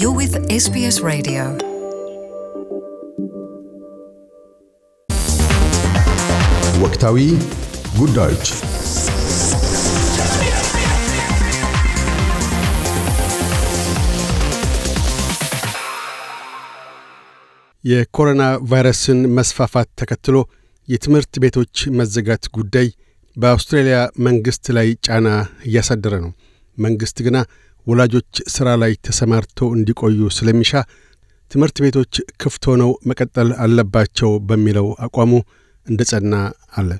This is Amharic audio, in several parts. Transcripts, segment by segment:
You're with SBS Radio. ወቅታዊ ጉዳዮች የኮሮና ቫይረስን መስፋፋት ተከትሎ የትምህርት ቤቶች መዘጋት ጉዳይ በአውስትራሊያ መንግሥት ላይ ጫና እያሳደረ ነው። መንግሥት ግና ወላጆች ሥራ ላይ ተሰማርተው እንዲቆዩ ስለሚሻ ትምህርት ቤቶች ክፍት ሆነው መቀጠል አለባቸው በሚለው አቋሙ እንደ ጸና አለ።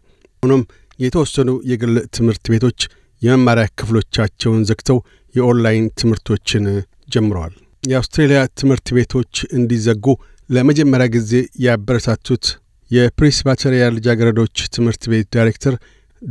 ሆኖም የተወሰኑ የግል ትምህርት ቤቶች የመማሪያ ክፍሎቻቸውን ዘግተው የኦንላይን ትምህርቶችን ጀምረዋል። የአውስትሬልያ ትምህርት ቤቶች እንዲዘጉ ለመጀመሪያ ጊዜ ያበረታቱት የፕሬስባተሪያ ልጃገረዶች ትምህርት ቤት ዳይሬክተር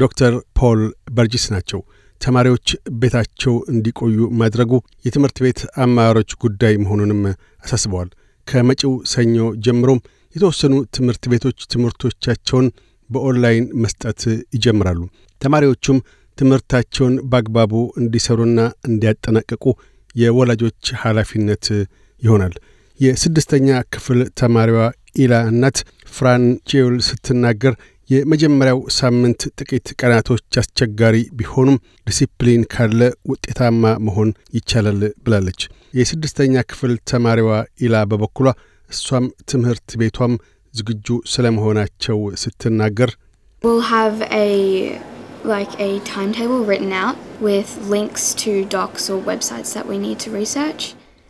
ዶክተር ፖል በርጂስ ናቸው። ተማሪዎች ቤታቸው እንዲቆዩ ማድረጉ የትምህርት ቤት አመራሮች ጉዳይ መሆኑንም አሳስበዋል። ከመጪው ሰኞ ጀምሮም የተወሰኑ ትምህርት ቤቶች ትምህርቶቻቸውን በኦንላይን መስጠት ይጀምራሉ። ተማሪዎቹም ትምህርታቸውን በአግባቡ እንዲሰሩና እንዲያጠናቀቁ የወላጆች ኃላፊነት ይሆናል። የስድስተኛ ክፍል ተማሪዋ ኢላ እናት ፍራንቼል ስትናገር የመጀመሪያው ሳምንት ጥቂት ቀናቶች አስቸጋሪ ቢሆኑም ዲሲፕሊን ካለ ውጤታማ መሆን ይቻላል ብላለች። የስድስተኛ ክፍል ተማሪዋ ኢላ በበኩሏ እሷም ትምህርት ቤቷም ዝግጁ ስለመሆናቸው ስትናገር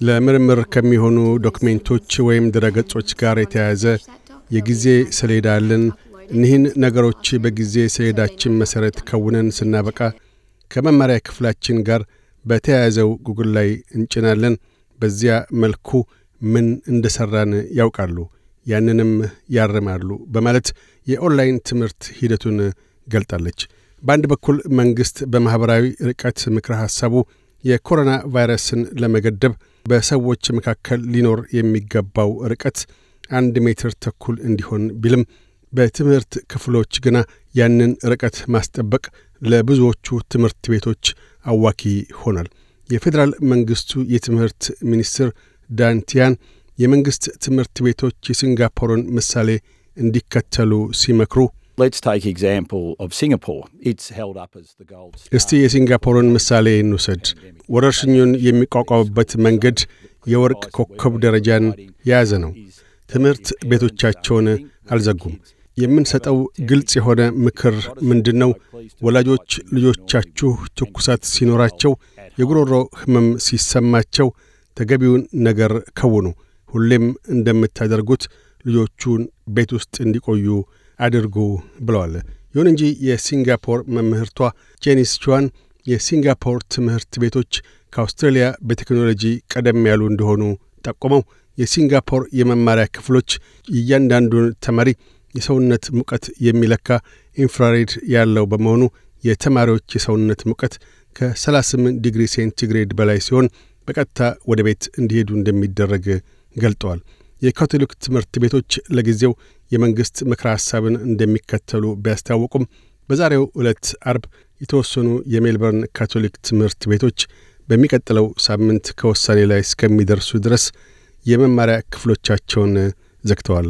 ለምርምር ከሚሆኑ ዶክሜንቶች ወይም ድረገጾች ጋር የተያያዘ የጊዜ ሰሌዳ አለን። እኒህን ነገሮች በጊዜ ሰሌዳችን መሠረት ከውነን ስናበቃ ከመማሪያ ክፍላችን ጋር በተያያዘው ጉግል ላይ እንጭናለን። በዚያ መልኩ ምን እንደ ሠራን ያውቃሉ፣ ያንንም ያርማሉ በማለት የኦንላይን ትምህርት ሂደቱን ገልጣለች። በአንድ በኩል መንግሥት በማኅበራዊ ርቀት ምክረ ሐሳቡ የኮሮና ቫይረስን ለመገደብ በሰዎች መካከል ሊኖር የሚገባው ርቀት አንድ ሜትር ተኩል እንዲሆን ቢልም በትምህርት ክፍሎች ግና ያንን ርቀት ማስጠበቅ ለብዙዎቹ ትምህርት ቤቶች አዋኪ ሆኗል። የፌዴራል መንግሥቱ የትምህርት ሚኒስትር ዳንቲያን የመንግሥት ትምህርት ቤቶች የሲንጋፖርን ምሳሌ እንዲከተሉ ሲመክሩ እስቲ የሲንጋፖርን ምሳሌ እንውሰድ። ወረርሽኙን የሚቋቋምበት መንገድ የወርቅ ኮከብ ደረጃን የያዘ ነው። ትምህርት ቤቶቻቸውን አልዘጉም። የምንሰጠው ግልጽ የሆነ ምክር ምንድን ነው? ወላጆች ልጆቻችሁ ትኩሳት ሲኖራቸው፣ የጉሮሮ ህመም ሲሰማቸው ተገቢውን ነገር ከውኑ። ሁሌም እንደምታደርጉት ልጆቹን ቤት ውስጥ እንዲቆዩ አድርጉ ብለዋል። ይሁን እንጂ የሲንጋፖር መምህርቷ ጄኒስ ቹዋን የሲንጋፖር ትምህርት ቤቶች ከአውስትራሊያ በቴክኖሎጂ ቀደም ያሉ እንደሆኑ ጠቁመው የሲንጋፖር የመማሪያ ክፍሎች እያንዳንዱን ተማሪ የሰውነት ሙቀት የሚለካ ኢንፍራሬድ ያለው በመሆኑ የተማሪዎች የሰውነት ሙቀት ከ38 ዲግሪ ሴንቲግሬድ በላይ ሲሆን በቀጥታ ወደ ቤት እንዲሄዱ እንደሚደረግ ገልጠዋል። የካቶሊክ ትምህርት ቤቶች ለጊዜው የመንግሥት ምክረ ሐሳብን እንደሚከተሉ ቢያስታወቁም በዛሬው ዕለት አርብ የተወሰኑ የሜልበርን ካቶሊክ ትምህርት ቤቶች በሚቀጥለው ሳምንት ከውሳኔ ላይ እስከሚደርሱ ድረስ የመማሪያ ክፍሎቻቸውን ዘግተዋል።